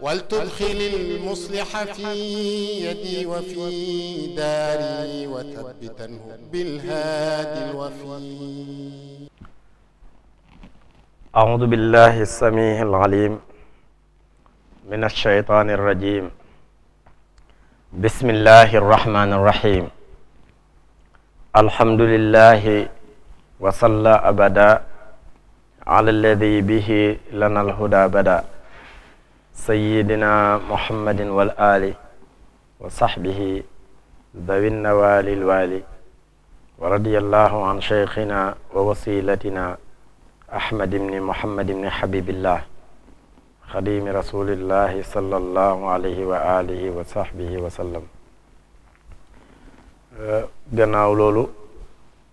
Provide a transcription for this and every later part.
ولتدخل المصلح في يدي وفي داري وثبته بالهادي الوفي أعوذ بالله السميع العليم من الشيطان الرجيم بسم الله الرحمن الرحيم الحمد لله وصلى أبدا على الذي به لنا الهدى بدا sayidina muhammadin wal ali wa sahbihi dawin nawaali lwaali wa radiyallahu an cheikhina wa wasilatina ahmad ibni muhammad ibni habibillah xadimi rasulillahi sallallahu alayhi wa alihi wa sahbihi wa sallam gannaaw loolu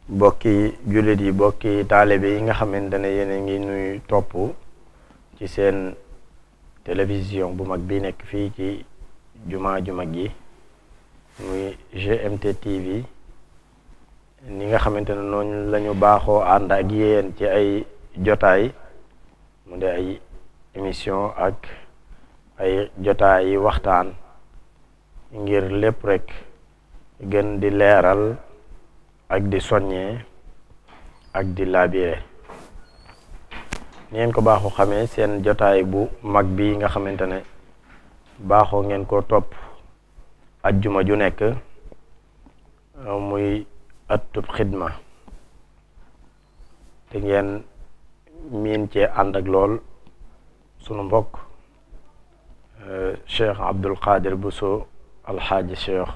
bokki jullit yi bokki taalibe yi nga xamante ne yéen ngi nuy topp ci seen télévision bu mag bi nekk fii ci jumaa ju mag yi muy GMT TV ni nga xamante ne noonu lañu ñu baaxoo ànd ak yéen ci ay jotaay mu de ay émission ak ay jotaay yi waxtaan ngir lépp rek gën di leeral ak di soññee ak di labiré ni ngeen ko baaxoo xamee seen jotaay bu mag bi nga xamante ne baaxoo ngeen ko topp ajjuma ju nekk muy ëttub xidma te ngeen miin cee ànd ak lool sunu mbokk cheikh Abdul bu soo alxaaji cheikh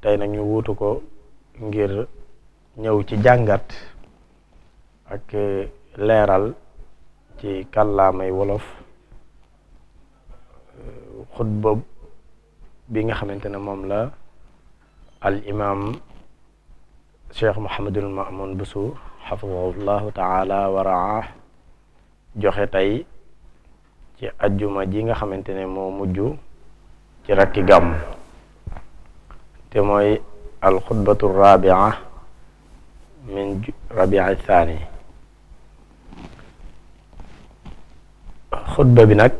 tey nag ñu wuutu ko ngir ñëw ci jàngat ak leeral ci kàllaamay wolof euh, xutba bi nga xamante ne moom la al imam cheikh Mouhamadul Mamoun Bousso xafidahullahu taala wa joxe tey ci ajjuma ji nga xamante ne moo mujj ci rakki gàmm te mooy al xutbatu rabia min rabia thani xutba bi nag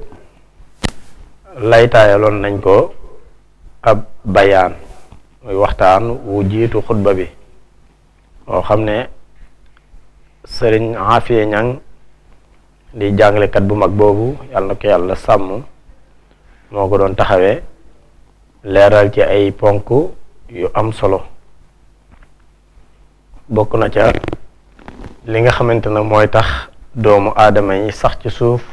laytaayaloon nañ ko ab bayaan muy waxtaan wu jiitu xutba bi moo xam ne sëriñ Afiya Ñang di jàngalekat bu mag boobu yàlla ko yàlla sàmm moo ko doon taxawee leeral ci ay ponk yu am solo bokk na ca li nga xamante ne mooy tax doomu aadama yi sax ci suuf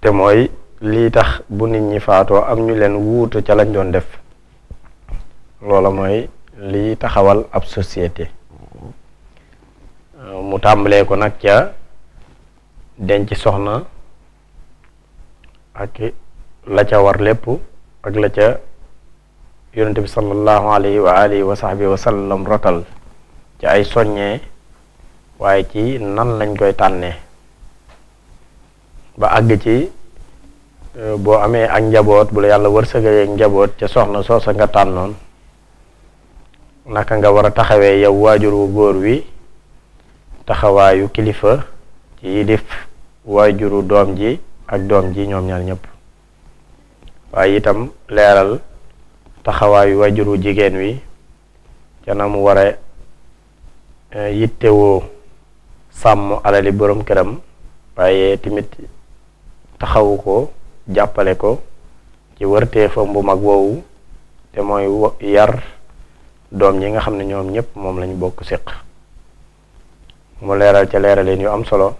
te mooy lii tax bu nit ñi faatoo am ñu leen wuutu ca lañ doon def loola mooy lii taxawal ab société euh, mu tàmbalee ko nag ca denc soxna ak la ca war lépp ak la ca yonente bi sallallahu alayhi wa alihi wa sahbihi rotal ci ay soññee waaye ci nan lañ koy tànnee ba àgg ci euh, boo amee ak njaboot bu la yàlla wërsëgalee ak njaboot ca soxna sa nga tànnoon naka nga war a taxawee yow waajur wu góor wi taxawaayu kilifa ci yilif waajuru doom ji ak doom ji ñoom ñaar ñëpp waaye itam leeral taxawaayu waajuru jigéen wi ca mu war a euh, yittewoo sàmm alali borom këram waaye tamit taxawu ko jàppale ko ci wërteefam bu mag woowu te mooy yar doom yi nga xam ne ñoom ñëpp moom lañu bokk séq mu leeral ca leeraleen yu am solo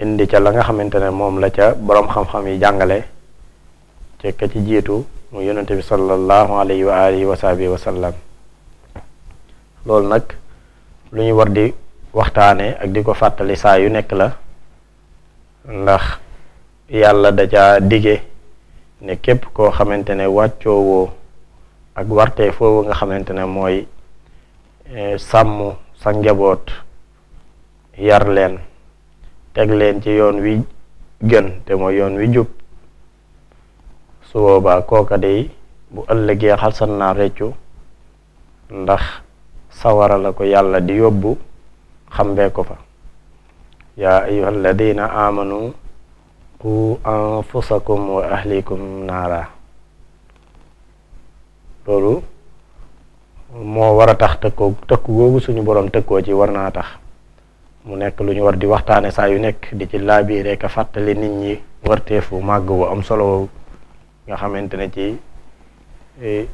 indi ca la nga xamante ne moom la ca boroom xam-xam yi jàngale ca ka ci jiitu mu yonente bi sallallahu alayhi wa alihi wa sahbihi wa sallam loolu nag lu ñu war di waxtaane ak di ko fàttali saa yu nekk la ndax yàlla da ca dige ne képp koo xamante ne wàccoowoo ak warte foofu nga xamante ne mooy eh, sàmm sa njaboot yar leen teg leen ci yoon wi gën te mooy yoon wi jub su boobaa kooka day bu ëllëgee xalsan naa reccu ndax sawara la ko yàlla di yóbbu xambee ko fa yaa ayyuha alladina amanu qu wa ahlikum naara loolu moo war a tax tëkkoo tëkku suñu borom tëkkoo ci war naa tax mu nekk lu ñu war di waxtaane saa yu nekk di ci laabi rekk a fàttali nit ñi warteefu màgg wu am solo nga xamante ne ci e,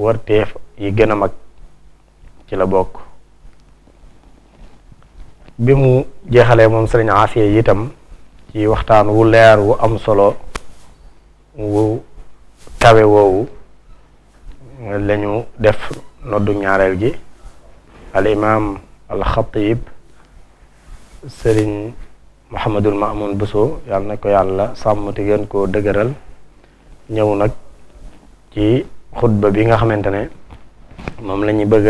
warteef yi gën a mag ci la bokk bi mu jeexalee moom sëriñ Aafiya itam ci waxtaan wu leer wu am solo wu tawe woowu lañu def noddu ñaareel gi al imaam al xatib sëriñ Mouhamadul Mamoun Bousso yàlla na ko yàlla sàmm te gën koo dëgëral ñëw nag ci xutba bi nga xamante ne moom lañuy ñu bëgg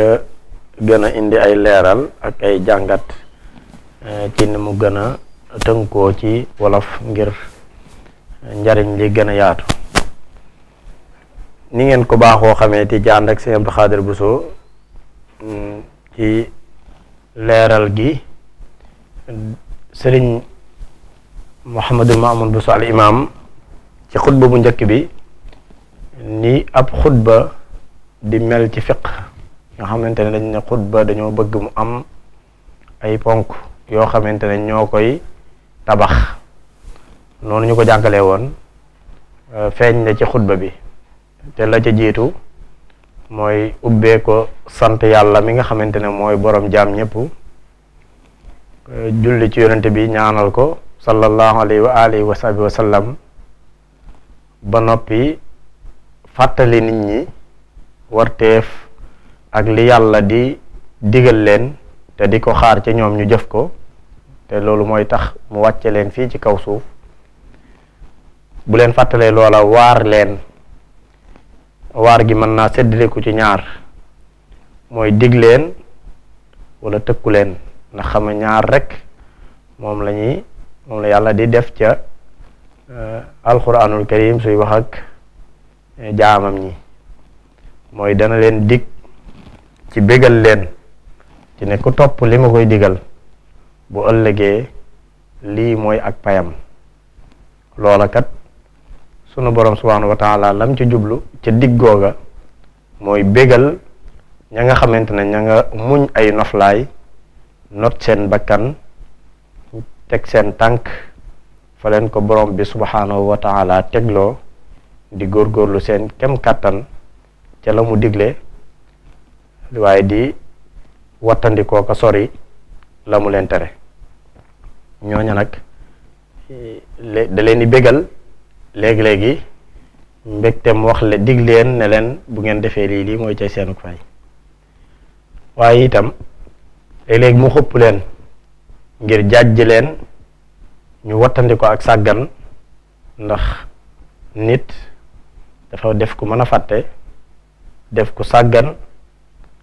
gën a indi ay leeral ak ay jàngat eh, ci ni mu gën ko ci wolof ngir njariñ li gën a yaatu ni ngeen ko baaxoo xamee ti ci ànd ak Sëriñ Abdou Khadir Bousso mm, ci leeral gi sëriñ Mouhamadul Mamoun Bousso al imam ci xutba bu njëkk bi ni ab xutba di mel ci fiq nga xamante ne dañ ne xutba dañoo bëgg mu am ay ponk yoo xamante ne ñoo koy tabax noonu ñu ko jàngalee woon euh, feeñ na ci xutba bi te la ci jiitu mooy ubbee ko sant yàlla mi nga xamante ne mooy borom jaam ñëpp euh, julli ci yonente bi ñaanal ko sallallahu alayhi wa alihi wa sahbi wa ba noppi fàttali nit ñi warteef ak li yàlla di digal leen te di ko xaar ci ñoom ñu jëf ko te loolu mooy tax mu wàcce leen fii ci kaw suuf bu leen fàttalee loola waar leen waar gi mën naa séddaleku ci ñaar mooy digg leen wala tëkku leen ndax xam ñaar rekk moom la ñuy moom la yàlla di def ca eh, alquranul karim suy wax ak eh, jaamam ñi mooy dana leen digg ci bégal leen ci ne ku topp li ma koy digal bu ëllëgee lii mooy ak payam loola kat sunu boroom subhaanahu wa taala lam ca jublu ca diggooga mooy bégal ña nga xamante ne ña nga muñ ay noflaay not seen bakkan teg seen tànk fa leen ko borom bi subhaanahu wa taala tegloo di góor góorlu seen kem kàttan ca la mu digle waaye di wattandikoo ko sori la mu leen tere ñooña nag da leen di bégal léegi-léegi mbégtem wax le dig leen ne leen bu ngeen defee lii lii mooy cay seenu fay waaye itam léeg-léeg mu xëpp leen ngir jàjj leen ñu wattandi ak sàggan ndax nit dafa def ku mën a fàtte def ku sàggan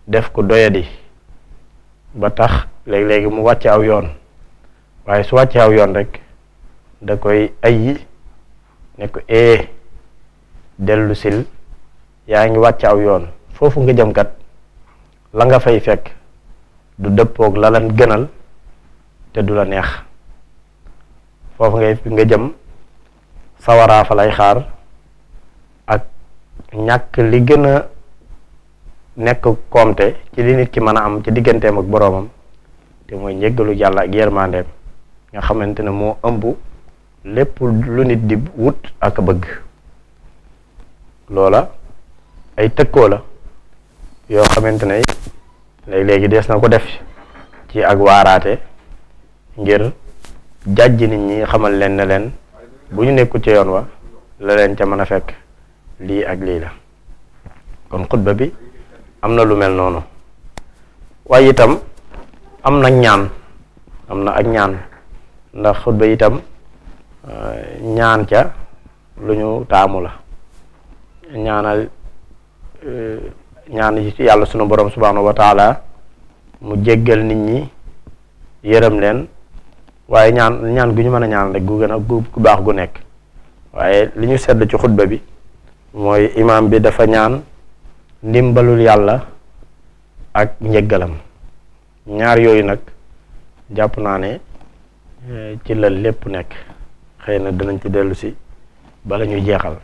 def ku doyadi ba tax léegi-léegi mu wàcce aw yoon waaye su wàccee aw yoon rek da koy ay ne ko ee eh, yaa ngi wàcce aw yoon foofu nga jëm kat la nga fay fekk du dëppook la lan gënal te du la neex foofu ngay nga jëm sawaraa fa lay xaar ak ñàkk li gën a nekk koomte ci li nit ki mën a am ci digganteem ak boroomam te mooy njëggalu yàlla ak yermandeem nga xamante ne moo ëmb lépp lu nit di wut ak bëgg loola ay tëkkoo la yoo xamante ne léegi-léegi des na ko def ci ak waaraate ngir jàjj nit ñi xamal leen ne leen bu ñu nekkul ca yoon wa la leen ca mën a fekk lii ak lii la kon xutba bi am na lu mel noonu waaye itam am na ñaan am na ak ñaan ndax xutba itam eh, ñaan ca lu ñu taamu la ñaanal eh, ñaan ci yàlla sunu borom subhaanahu wa taala mu jéggal nit ñi yërëm leen waaye ñaan ñaan gu ñu mën a ñaan rek gu gën a gu baax gu nekk waaye li ñu sedd ci xutba bi mooy imaam bi dafa ñaan ndimbalul yàlla ak njëggalam ñaar yooyu nag jàpp naa ne eh, ci la lépp nekk xëy na danañ ci dellusi bala ñuy jeexal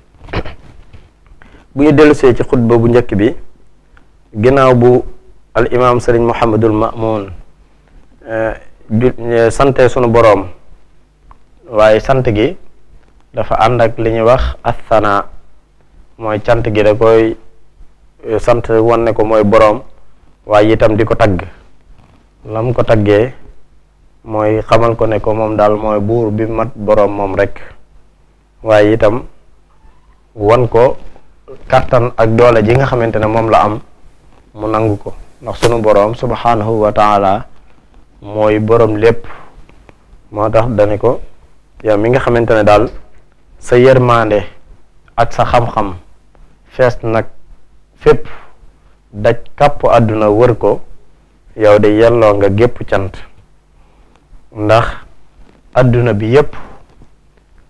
bu ñu dellusee ci xutba bu njëkk bi ginnaaw bu al imaam sëriñ Muhammadul Mamoun eh, eh, sante sunu boroom waaye sant gi dafa ànd ak li ñuy wax asana mooy cant gi da koy sant wan ne ko mooy boroom waaye itam di ko tagg lam ko taggee mooy xamal ko ne ko moom daal mooy buur bi mat boroom moom rekk waaye itam wan ko kàttan ak doole ji nga xamante ne moom la am mu nangu ko ndax sunu boroom subhanahu wa taala mooy boroom lépp moo tax dane ko yow mi nga xamante ne daal sa yërmaande ak sa xam-xam fees nag fépp daj kàpp àdduna wër ko yow de yelloo nga gépp cant ndax àdduna bi yépp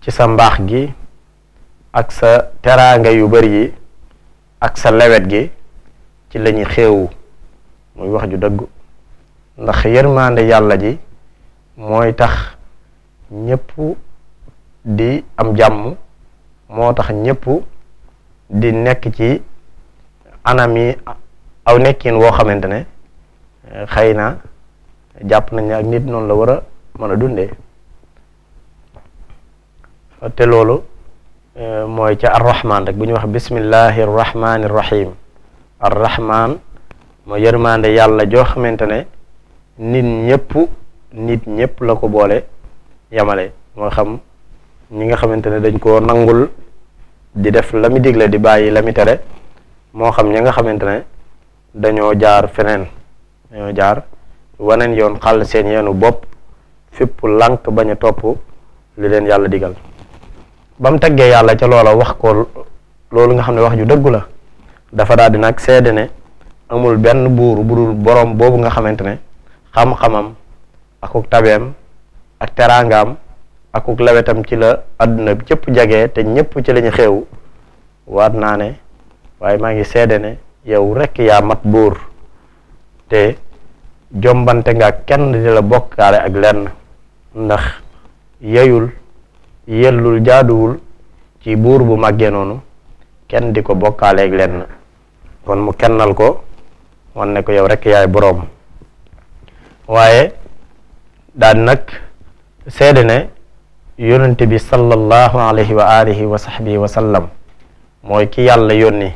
ci sa mbaax gi ak sa teraanga yu bari yi ak sa lawet gi ci lañuy xéewu muy wax ju dëgg ndax yërmaande yàlla ji mooy tax ñépp di am jàmm moo tax ñépp di nekk ci anam yi aw nekkin woo xamante ne xëy na jàpp nañ ak nit noonu la war a mën a dunde te loolu e, mooy ca arrahman rek bu ñuy wax bismillahi arrahmani arrahim arrahman mooy yërmande yàlla joo xamante ne nit ñëpp nit ñëpp la ko boole yamale moo xam ñi nga xamante ne dañ koo nangul di def la mu digle di bàyyi la mu tere moo xam ñi nga xamante ne dañoo jaar feneen dañoo jaar waneen yoon xàll seen yoonu bopp fépp lànk bañ topp li leen yàlla digal ba mu taggee yàlla ca loola wax ko loolu nga xam ne wax ju dëggu la dafa daal di nag seede ne amul benn buur bu dul boroom boobu nga xamante ne xam-xamam akuk tabeem ak teraangaam akuk lawetam ci la àdduna bi cëpp jagee te ñëpp ci lañu xew waat naa ne waaye maa ngi seede ne yow rekk yaa mat buur te jombante nga kenn di la bokkaale ak lenn ndax yeyul yellul jaaduwul ci buur bu màggee noonu kenn di ko bokkaale ak lenn kon mu kennal ko wan ko yow rek yaay boroom waaye daan nag seede ne yónnante bi sallallahu alayhi wa alihi wa sahbihi wa sallam mooy ki yàlla yónni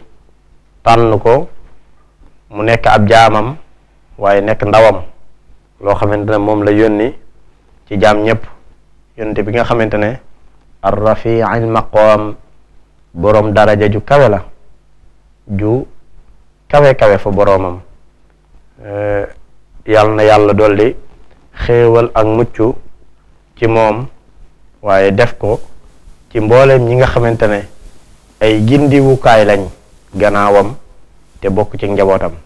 tànn ko mu nekk ab jaamam waaye nekk ndawam loo xamante ne moom la yónni ci jaam ñëpp yónnte bi nga xamante ne ar rafi al maqam boroom daraja ju kawe la ju kawe-kawe fa boroomam eh, yàlla na yàlla dolli xéewal ak mucc ci moom waaye def ko ci mbooleem ñi nga xamante ne ay gindiwukaay lañ gannaawam te bokk ci njabootam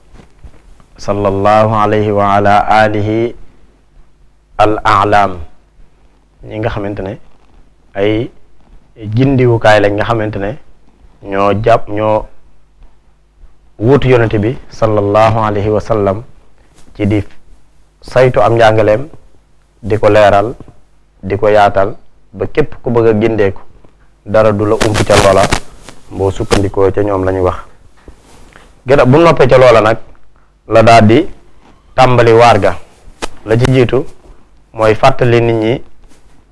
sallallahu alayhi wa ala alihi al alam ñi nga xamante ne ay jindiwukaay lañ nga xamante ne ñoo jàpp ñoo wut yonente bi sallallahu alayhi wa sallam ci di saytu am njàngaleem di ko leeral di ko yaatal ba képp ku bëgg a gindeeku dara du la ump ca loola boo sukkandikoo ca ñoom la ñuy wax bu noppee ca loola nag la daal di tàmbali waar ga la ci jiitu mooy fàttali nit ñi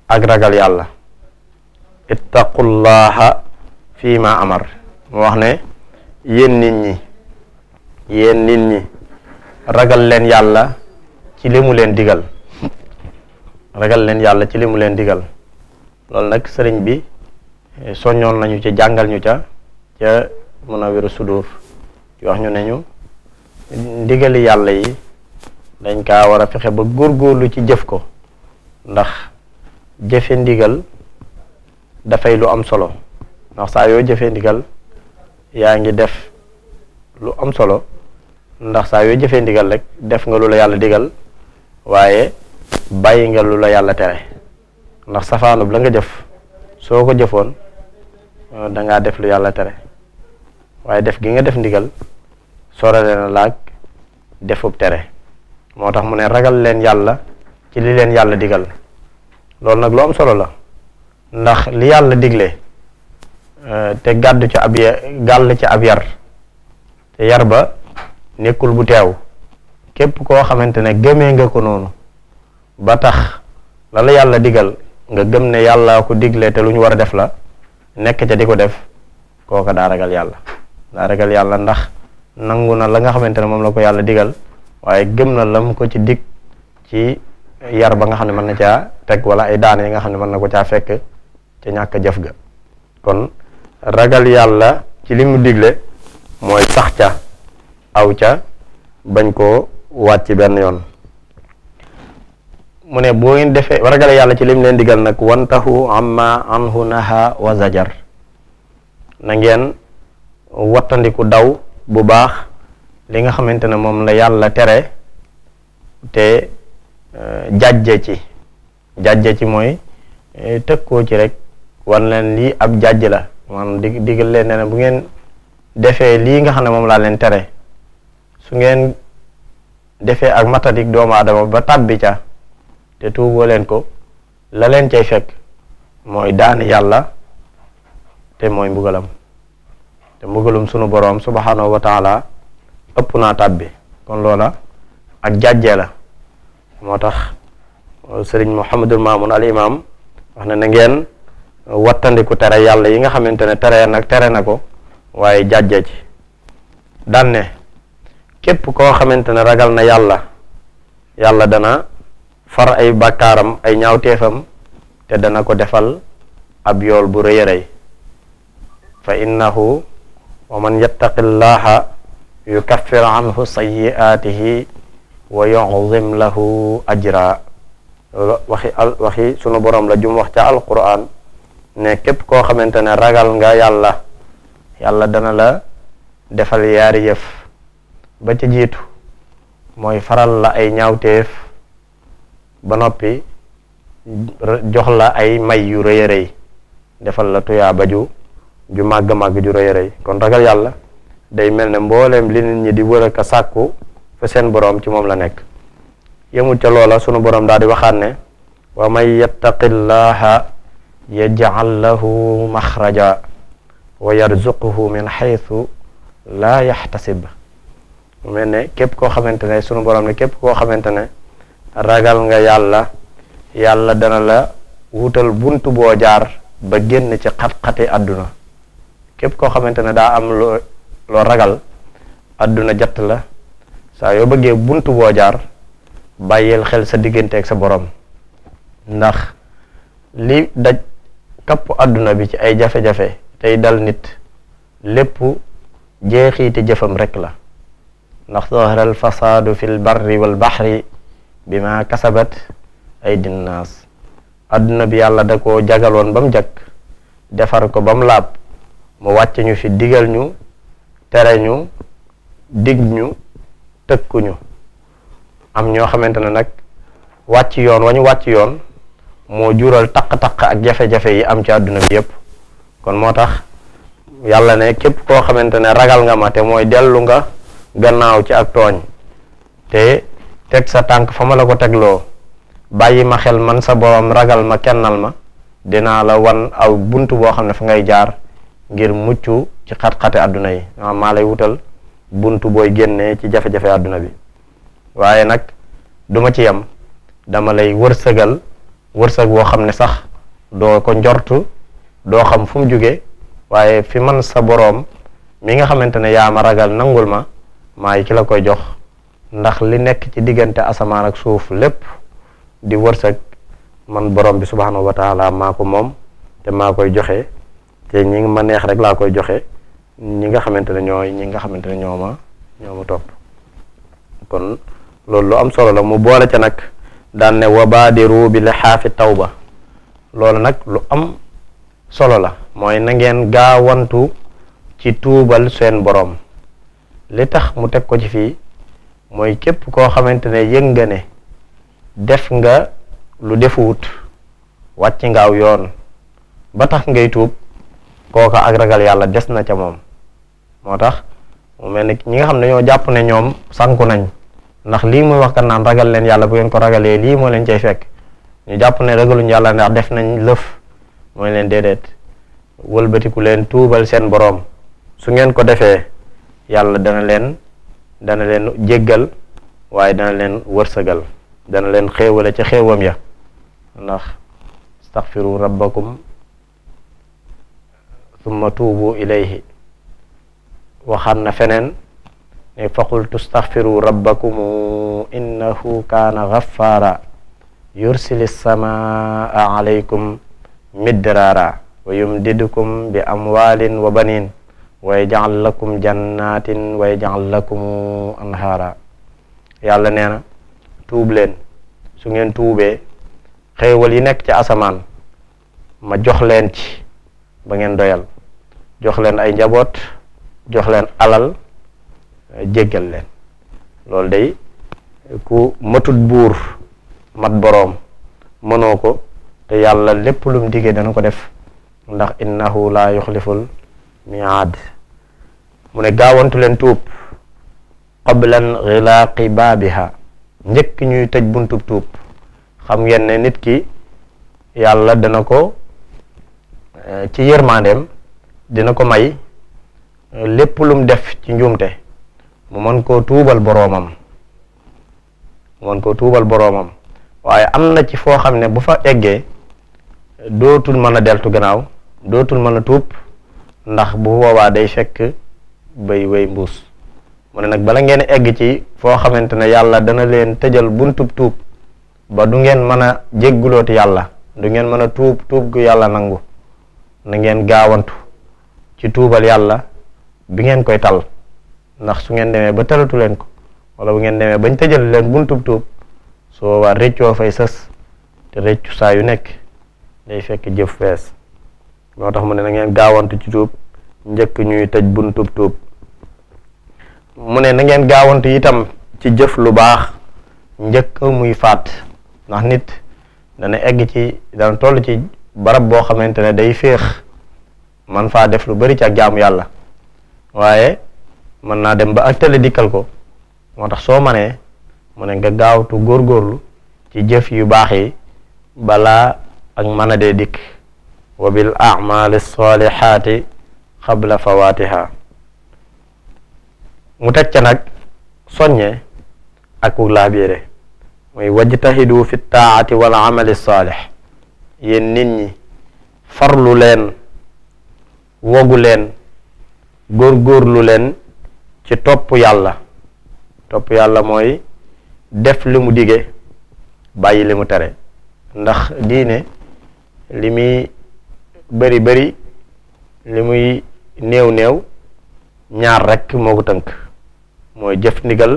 ak ragal yàlla ittaqullaha fii ma amar mu wax ne yéen nit ñi yéen nit ñi ragal leen yàlla ci limu leen digal ragal leen yàlla ci limu leen digal loolu nag sëriñ bi eh, soññoon nañu ci jàngal ñu ca ca mun a wéru sudur ci wax ñu ne ñu ndigali yàlla yi dañ kaa war a fexe ba góor góor lu ci jëf ko ndax jëfe ndigal dafay lu am solo ndax saa yoo jëfe ndigal yaa ngi def lu am solo ndax saa yoo jëfee rek def nga lu la yàlla digal waaye bàyyi nga lu la yàlla tere ndax safaanub la nga jëf soo ko jëfoon euh, dangaa def lu yàlla tere waaye def gi nga def ndigal sorale na laag defub tere moo tax mu ne ragal leen yàlla ci li leen yàlla digal loolu nag lu am solo la ndax li yàlla digle euh, te gàddu ca ab gàll ca ab yar te yar ba nekkul bu teew képp koo xamante ne gëmee nga ko noonu ba tax la la yàlla digal nga gëm ne yàlla ko digle te lu ñu war a def la nekk ca di ko def kooka daa ragal yàlla daa ragal yàlla ndax nangu na la nga xamante ne moom la ko yàlla digal waaye gëm na lam ko ci dig ci yar ba nga xam ne mën na caa teg wala ay daan yi nga xam ne mën na ko caa fekk ca ñàkk jëf ga kon ragal yàlla ci li mu mooy sax ca aw ca bañ koo wàcc benn yoon mu ne boo defee ragal yàlla ci lim leen digal nag wantahu amma anhu naha wa zajar na ngeen wattandiku daw bu baax li nga xamante ne moom la yàlla tere te euh, jàjje ci jàjje ci mooy euh, tëkkoo ci rek wan leen lii ab jàjj la maanaam dig digal leen ne bu ngeen defee lii nga xam ne moom laa leen tere su ngeen defee ak matadik doomu aadama ba tàbbi ca te tuuboo leen ko la leen cay fekk mooy daan yàlla te mooy mbugalam te mbugalum sunu boroom subhanahu wa ëpp naa tàbbi kon loola ak jàjjee la moo tax sëriñ Mouhamadul Mamoun al imam wax na na ngeen wattandiku tere yàlla yi nga xamante ne tere nag tere na ko waaye jàjje ci daan képp koo xamante ne ragal na yàlla yàlla dana far ay bakkaaram ay ñaawteefam te dana ko defal ab yool bu rëy rëy fa innahu wa man yattaqi llaha yukaffir anhu sayyi'atihi wa yu'zim lahu ajra waxi sunu borom la jum wax ca alquran ne képp koo xamante ne ragal nga yàlla yàlla dana la defal yaari ba ci jiitu mooy faral la ay ñaawteef ba noppi jox la ay may yu rëy defal la tuyaa baju ju màgg màgg ju rëy kon ragal yàlla day mel ne mbooleem li nit ñi di wër ak sàkku fa seen boroom ci moom la nekk yemul ca loola sunu boroom daal di waxaan ne wa man yattaqillaha yaj'al lahu maxraja wa yarzuquhu min xaytu laa yaxtasib mel ne képp koo xamante ne sunu boroom ne képp koo xamante ne ragal nga yàlla yàlla dana la wutal bunt boo jaar ba génn ci xat-xati àdduna képp koo xamante ne daa am loo loo ragal adduna jatt la saa yoo bëggee buntu boo jaar bàyyil xel sa diggante ak sa borom ndax li daj kapp adduna bi ci ay jafe-jafe tey dal nit lépp jeexiite jëfam rekk la ndax zahara al fasaadu fil barri wal baxri bi ma kasabat aydin naas adduna bi yàlla da koo jagaloon ba mu jag defar ko ba mu laab mu wàcc ñu fi digal ñu tere ñu dig ñu tëkku ñu am ñoo xamante ne nag wàcc yoon wa ñu wàcc yoon moo jural taq-taq ak jafe-jafe yi am ci àdduna bi yépp kon moo tax yàlla ne képp koo xamante ne ragal nga ma te mooy dellu nga gannaaw ci ak tooñ te teg sa tànk fa ma la ko tegloo bàyyi ma xel man sa borom ragal ma kennal ma dinaa la wan aw bunt boo xam ne fa ngay jaar ngir mucc ci xat-xate àdduna yi maa lay wutal bunt booy génnee ci jafe-jafe àdduna bi waaye nag duma ci yem dama lay wërsëgal wërsëg woo xam ne sax doo ko njortu doo xam fu mu jóge waaye fi man sa boroom mi nga xamante ne yaa ma ragal nangul ma maay ki la koy jox ndax li nekk ci diggante asamaan ak suuf lépp di wërsëg man borom bi subhanahu wa taala maa ko moom te maa koy joxe te ñi ma neex rek laa koy joxe ñi nga xamante ne ñooy ñi nga xamante ne ñoo ma ñoo ma topp kon loolu lu am solo la mu boole ca nag daan ne wabaadiru bi taw ba loolu nag lu am solo la mooy na ngeen gaawantu ci tuubal seen boroom li tax mu teg ko ci fii mooy képp koo xamante ne yëg nga ne def nga lu defuwut wàcc ngaaw yoon ba tax ngay tuub kooka ak ragal yàlla des na ca moom moo tax mu mel ni ñi nga xam ne ñoo jàpp ne ñoom sànku nañ ndax lii muy wax kan naan ragal leen yàlla bu ngeen ko ragalee lii moo leen cay fekk ñu jàpp ne ragaluñ yàlla ndax def nañ lëf mooy leen déedéet walbatiku leen tuubal seen boroom su ngeen ko defee yàlla dana leen dana leen jéggal waaye dana leen wërsëgal dana leen xéewale ca xéewam ya ndax astaghfiru rabbakum summa tuubu ilayhi waxaan na feneen ne faqul tustaxfiru rabbakumu innahu kaana gaffaara yursili samaa alaykum midraara wa yumdidukum bi amwaalin wa baniin wa yaj'al lakum jannatin wa yaj'al lakum anhaara yàlla nee na tuub leen su ngeen tuubee xéewal yi nekk ci asamaan ma jox leen ci ba ngeen doyal jox leen ay njaboot jox leen alal jéggal leen loolu day ku matut buur mat boroom mënoo ko te yàlla lépp lum diggee dana ko def ndax innahu laa yuxliful miaad mu ne gaawantu leen tuub qablan xilaaqi baabiha njëkk ñuy tëj buntub tuub xam ngeen nit ki yàlla dana ko ci yërmandeem dina ko may euh, lépp lum def ci njuumte mu mën koo tuubal boroomam mu mën koo tuubal boroomam waaye am na ci foo xam ne bu fa eggee dootul mën a deltu gannaaw dootul mën a tuub ndax bu boobaa day fekk bay wey mbuus mu ne nag bala ngeen egg ci foo xamante ne yàlla dana leen tëjal buntub tuub ba du ngeen mën a jéggulootu yàlla du ngeen mën a tuub tuub gu yàlla nangu nangeen gaawantu ci tuubal yàlla bi ngeen koy tal ndax su ngeen demee ba talatu leen ko wala bu ngeen demee bañ tëjal leen buntub tuub su boobaa rëccoo fay sës te rëccu saa yu nekk day fekk jëf fees loo tax mu ne na gaawantu ci tuub njëkk ñuy tëj buntub tub mu ne na ngeen gaawantu itam ci jëf lu baax njëkk muy faat ndax nit dana egg ci dana toll ci barab boo xamante ne day féex man faa def lu bari ci ak jaamu yàlla waaye mën naa dem ba ak tele dikkal ko moo tax soo manee mu ne nga góor góorlu ci jëf yu baax yi balaa ak mën a dee dikk wa bil amali solihati xabla fawatiha mu teg ca nag soññe ak ku laabiire muy wajtahidu fi taati wal amali solih yéen nit ñi farlu leen wogu leen góorlu leen ci topp yàlla topp yàlla mooy def li mu dige bàyyi li mu tere ndax diine li muy bari bari li muy néew néew ñaar rekk moo ko tënk mooy jëf ndigal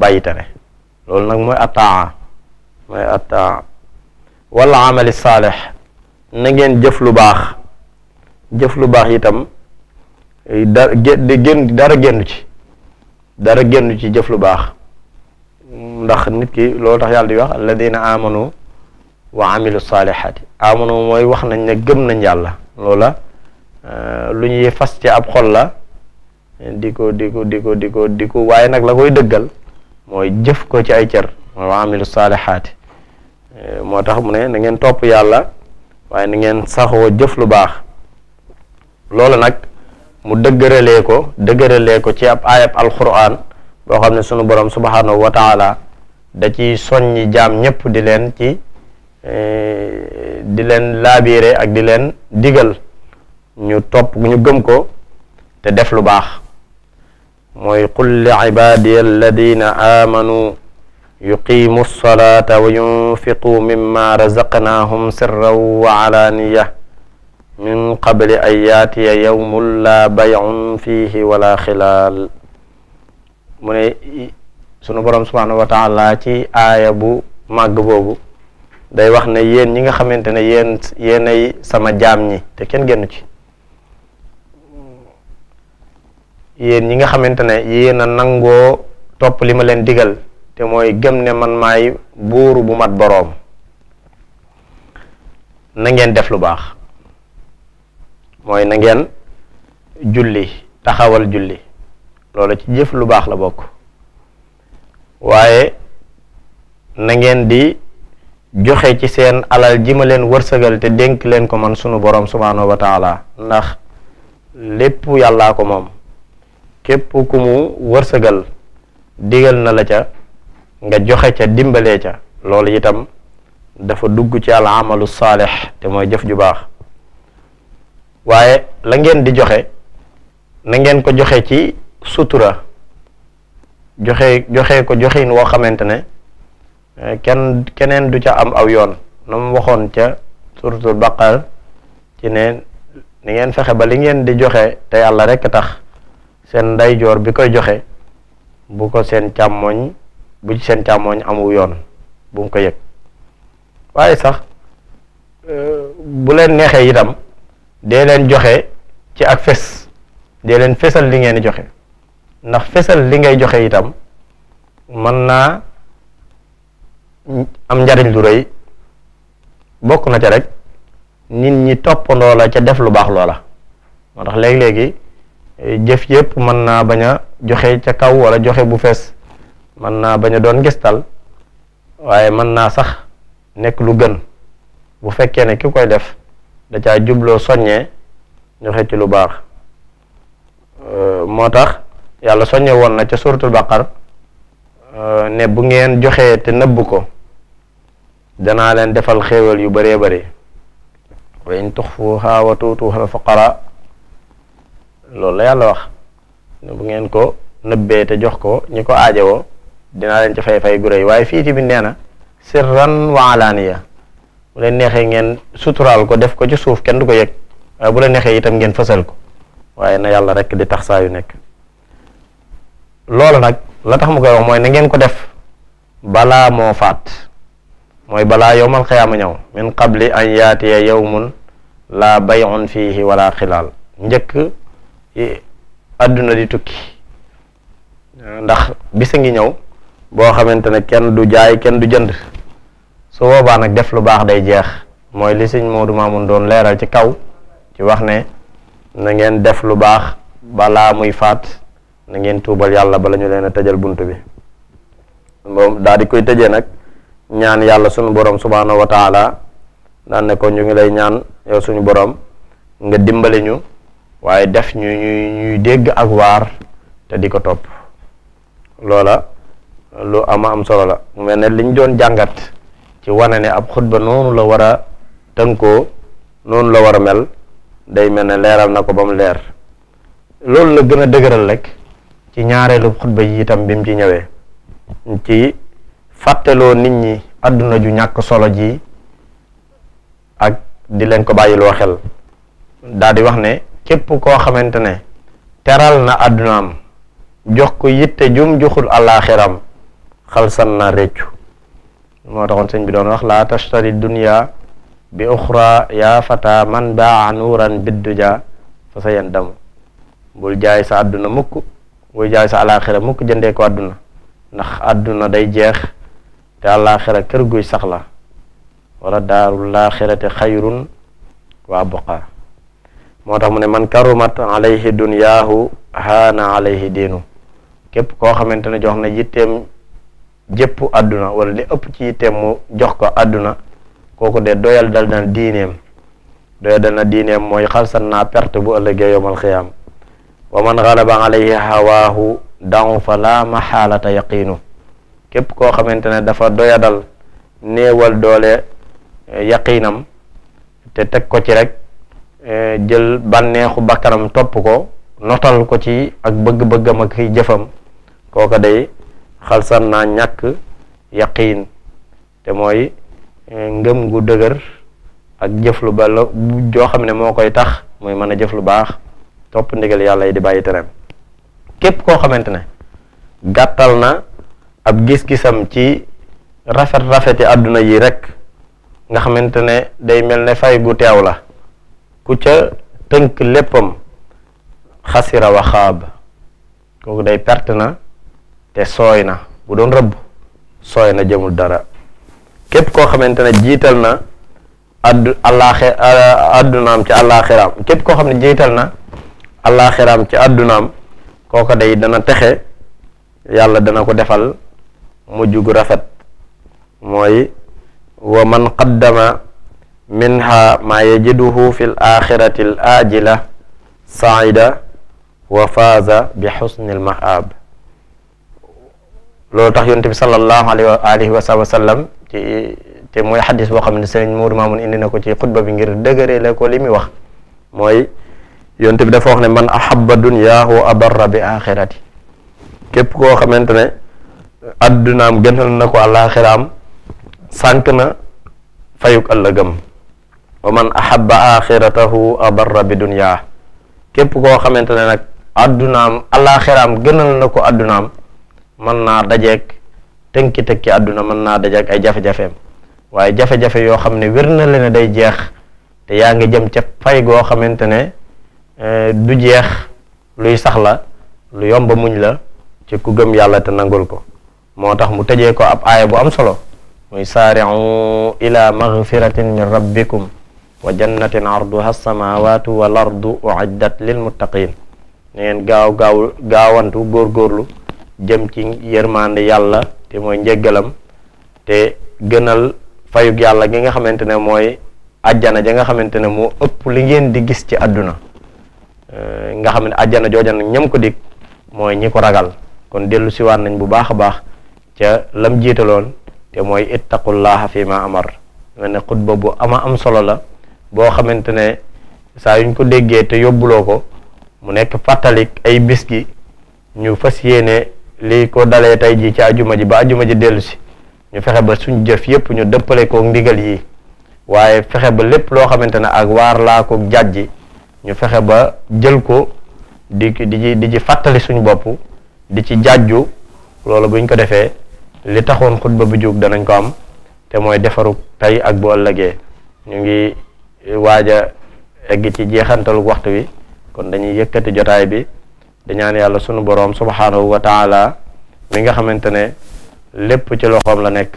bàyyi tere loolu nag mooy ataa mooy ataa wala amali saalix na ngeen jëf lu baax jëf lu baax itam eh, da dara génn ci dara génn ci jëf lu baax ndax nit ki loolu tax yàlla di wax alladina amanu wa amilu saalihaati amanu mooy wax nañ ne gëm nañ yàlla loola eh, lu ñuy fas ci ab xol la di ko di ko di ko di waaye nag la koy dëggal mooy jëf ko ci ay cër mooy wa amilu saalihaati Euh, moo tax mu ne na ngeen topp yàlla waaye na ngeen saxoo jëf lu baax loolu nag mu dëggëralee ko dëggëralee ko ci ab ayab alquran boo xam ne sunu boroom subhanahu wa taala da ci soññi jaam ñépp di leen ci euh, di leen laabiire ak di leen digal ñu topp ñu gëm ko te def lu baax mooy qul li ibadiya alladina amanu yuqiimu salaata wa yunfiqu mimma razaqnaahum sirran wa alaaniya min qabli an yaatiya yawmun laa bay'un fiihi wala xilaal sunu borom subhaanahu wa ci aya bu màgg boobu day wax ne yéen ñi nga xamante ne yéen yéenay sama jaam ñi te kenn génn ci yéen ñi nga xamante ne yéen a nangoo topp li ma leen digal te mooy gëm ne man maay buuru bu mat boroom na ngeen def lu baax mooy na ngeen julli taxawal julli loolu ci jëf lu baax la bokk waaye na ngeen di joxe ci seen alal ji ma leen wërsëgal te dénk leen ko man sunu borom subhaanahu wa taala ndax lépp yàllaa ko moom képp ku mu wërsëgal digal na la ca nga joxe ca dimbalee ca loolu itam dafa dugg ci al amalu saalix te mooy jëf ju baax waaye la ngeen di joxe na ngeen ko joxe ci sutura joxe joxe ko joxin woo xamante ne eh, kenn keneen du ca am aw yoon na waxoon ca suratul baqar ci ne ni ngeen fexe ba li ngeen di joxe te yàlla rekk tax seen ndeyjoor bi koy joxe bu ko seen càmmoñ bu ci seen càmmooñ amu yoon bu mu ko yëg waaye sax euh, bu leen neexee itam dee leen joxe ci ak fes dee leen fesal li ngeen joxe ndax fesal li ngay joxe itam mën naa am njariñ lu rëy bokk na ca rek nit ñi toppandoo la ca def lu baax loola moo tax léegi-léegi jëf yépp mën naa bañ a joxe ca kaw wala joxe bu fees mën naa bañ a doon ngistal waaye mën naa sax nekk lu gën bu fekkee ne ki koy def da caa jubloo soññee ñu ci lu baax moo tax yàlla soññe woon na ca suratul bàqar ne bu ngeen joxee te nëbb ko danaa leen defal xéewal yu bëree bëri wa fu tuxfuha wa tuutuha alfuqara loolu la yàlla wax ne bu ngeen ko nëbbee te jox ko ñi ko aajowoo dinaa leen ci fay-fay gu rëy waaye fii tamit nee na sirran wa alaaniya bu leen neexee ngeen suturaal ko def ko ci suuf kenn du ko yëg waaye bu leen neexee itam ngeen fësal ko waaye na yàlla rek di tax saa yu nekk loolu nag la tax mu koy wax mooy na ngeen ko def balaa moo faat mooy balaa yowmal a ñëw min qabli an yaatiya yowmun laa bayun fiihi wala xilaal njëkk adduna di tukki ndax bisa ngi ñëw boo xamante ne kenn du jaay kenn du jënd su boobaa nag def lu baax day jeex mooy li sëñ Modou mun doon leeral ci kaw ci wax ne na ngeen def lu baax balaa muy faat na ngeen tuubal yàlla bala ñu leen a tëjal bunt bi moom daal di koy tëje nag ñaan yàlla suñu borom subhaanahu wa taala daan ne ko ñu ngi lay ñaan yow suñu boroom nga dimbali ñu waaye def ñu ñuy dégg ak waar te di ko topp loola lu ama am solo la mu mel ne liñ doon jàngat ci wane ne ab xutba noonu la war a tënkoo noonu la war a mel day mel ne leeral na ko ba mu leer loolu la gën a dëgëral rek ci ñaareelu xutba yi itam bi mu ci ñëwee ci fàtteloo nit ñi àdduna ju ñàkk solo ji ak di leen ko bàyyiloo xel daal di wax ne képp koo xamante ne teral na àddunaam jox ko yitte jum joxul àllaaxiram xalsan naa réccu moo taxoon bi doon wax laa tashtari dunya bi uxra yaa man baa nuuran bidduja fa sa damu bul jaay sa àdduna mukk bul jaay sa mukk jëndee ko àdduna ndax àdduna day jeex te alaaxira kër guy sax la wala daarul laaxirati xayrun wa abqa moo tax mu ne man karumat alayhi dunyaahu haana alayhi diinu képp koo xamante ne jox na yitteem jëpp àdduna wala li ëpp ci te mu jox ko àdduna kooku de doyal dal na diineem doyal dal na diineem mooy xalsan naa perte bu ëllëgee yowmal xiyaam wa man xalaba alayhi hawaahu dan fa laa maxaalata yaqiinu képp koo xamante ne dafa doyadal néewal doole eh, yaqiinam te teg ko ci rek eh, jël banneexu bakkanam topp ko notal ko ci ak bëgg-bëggam ak jëfam kooka day xalsan naa ñàkk yaqiin te mooy eh, ngëm gu dëgër ak jëf lu ba la joo xam ne moo koy tax muy mën a jëf lu baax topp ndigal yàlla yi di bàyyi tereem képp koo xamante ne gàttal na ab gis-gisam ci rafet rafeti àdduna yi rek nga xamante ne day mel ne fay gu teew la ku ca tënk léppam xasira waxaab kooku day perte na te sooy na bu doon rëbb sooy na jëmul dara képp koo xamante ne jiital na addu allaaxe addunaam ci allaaxiraam képp koo xam ne jiital na allaaxiraam ci addunaam kooko day dana texe yàlla dana ko defal mujj gu rafet mooy wa man qaddama minha maa yajiduhu fi l ajila saida wa faaza bi xusni l loolu tax yonent bi sallallahu alayhi wa sallam ci te mooy xaddis boo xam ne sëriñ Mourou Mamoun indi na ko ci xutba bi ngir dëgëree la ko li muy wax mooy yonent bi dafa wax ne man ahabba dunyaahu abarra bi axirati képp koo xamante ne addunaam gënal na ko alaxiraam sànq na fayuk ëllëgam wa man ahabba képp koo xamante ne nag addunaam alaxiraam gënal na ko addunaam mën naa dajeeg tënki tëkki àdduna mën naa dajeeg ay jafe-jafeem waaye jafe-jafe yoo xam ne wér na la ne day jeex te yaa ngi jëm ca fay goo xamante ne eh, du jeex luy sax la lu yomba muñ la ci ku gëm yàlla te nangul ko moo tax mu tëjee ko ab aaya bu am solo muy saari'u ila maghfiratin min rabbikum wa jannatin arduha as-samawatu wal ardu u'iddat lil muttaqin na ngeen gaaw gaaw gaawantu góorgóorlu jëm ci yërmande yàlla te mooy njëggalam te gënal fayug yàlla gi nga xamante ne mooy ajjana ja nga xamante ne moo ëpp li ngeen di gis ci àdduna euh, nga xam ne ajjana jooja ñam ko dig mooy ñi ko ragal kon dellu siwaat nañ bu baax a baax ca lam jiitaloon te mooy ittaqullaha fi ma amar mel xutba bu ama am solo la boo xamante ne saa yuñ ko déggee te yóbbuloo ko mu nekk fàttalik ay bis gi ñu fas yéene li ko dalee tey ji ci ajuma ji ba ajuma ji dellu ñu fexe ba suñ jëf yépp ñu dëppale kook ndigal yi waaye fexe ba lépp loo xamante ne ak waar laa ko jàjji ñu fexe ba jël ko di di ci di ci fàttali suñu bopp di ci jàjju loolu buñ ko defee li taxoon xutba bu jóg danañ ko am te mooy defaru tey ak bu ëllëgee ñu ngi waaj a egg ci jeexantalu waxtu wi kon dañuy yëkkati jotaay bi di ñaan yàlla sunu boroom subhaanahu wa taala mi nga xamante ne lépp ci loxoom la nekk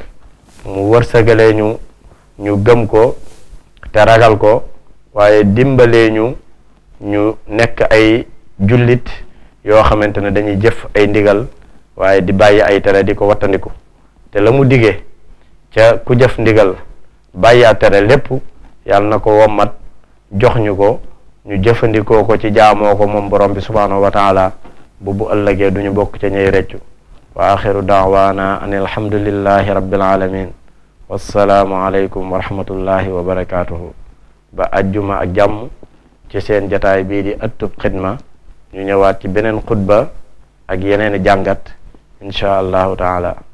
mu wërsëgalee ñu ñu gëm ko te ragal ko waaye dimbalee ñu ñu nekk ay jullit yoo xamante ne dañuy jëf ay ndigal waaye di bàyyi ay tere di ko wattandiku te la mu digee ca ku jëf ndigal bàyyi a tere lépp yàlla na ko wommat jox ñu ko ñu jëfandikoo ko ci jaamoo ko moom borom bi subhaanahu wa taala bu bu du ñu bokk ca ñey reccu wa axiru daawaana an alhamdulillahi rabbil alamin wassalaamu aleykum wa rahmatullahi wa barakatuhu ba ajjuma ak jàmm ci seen jataay bii di ëttub ñu ñëwaat ci beneen xutba ak yeneen i jàngat incha taala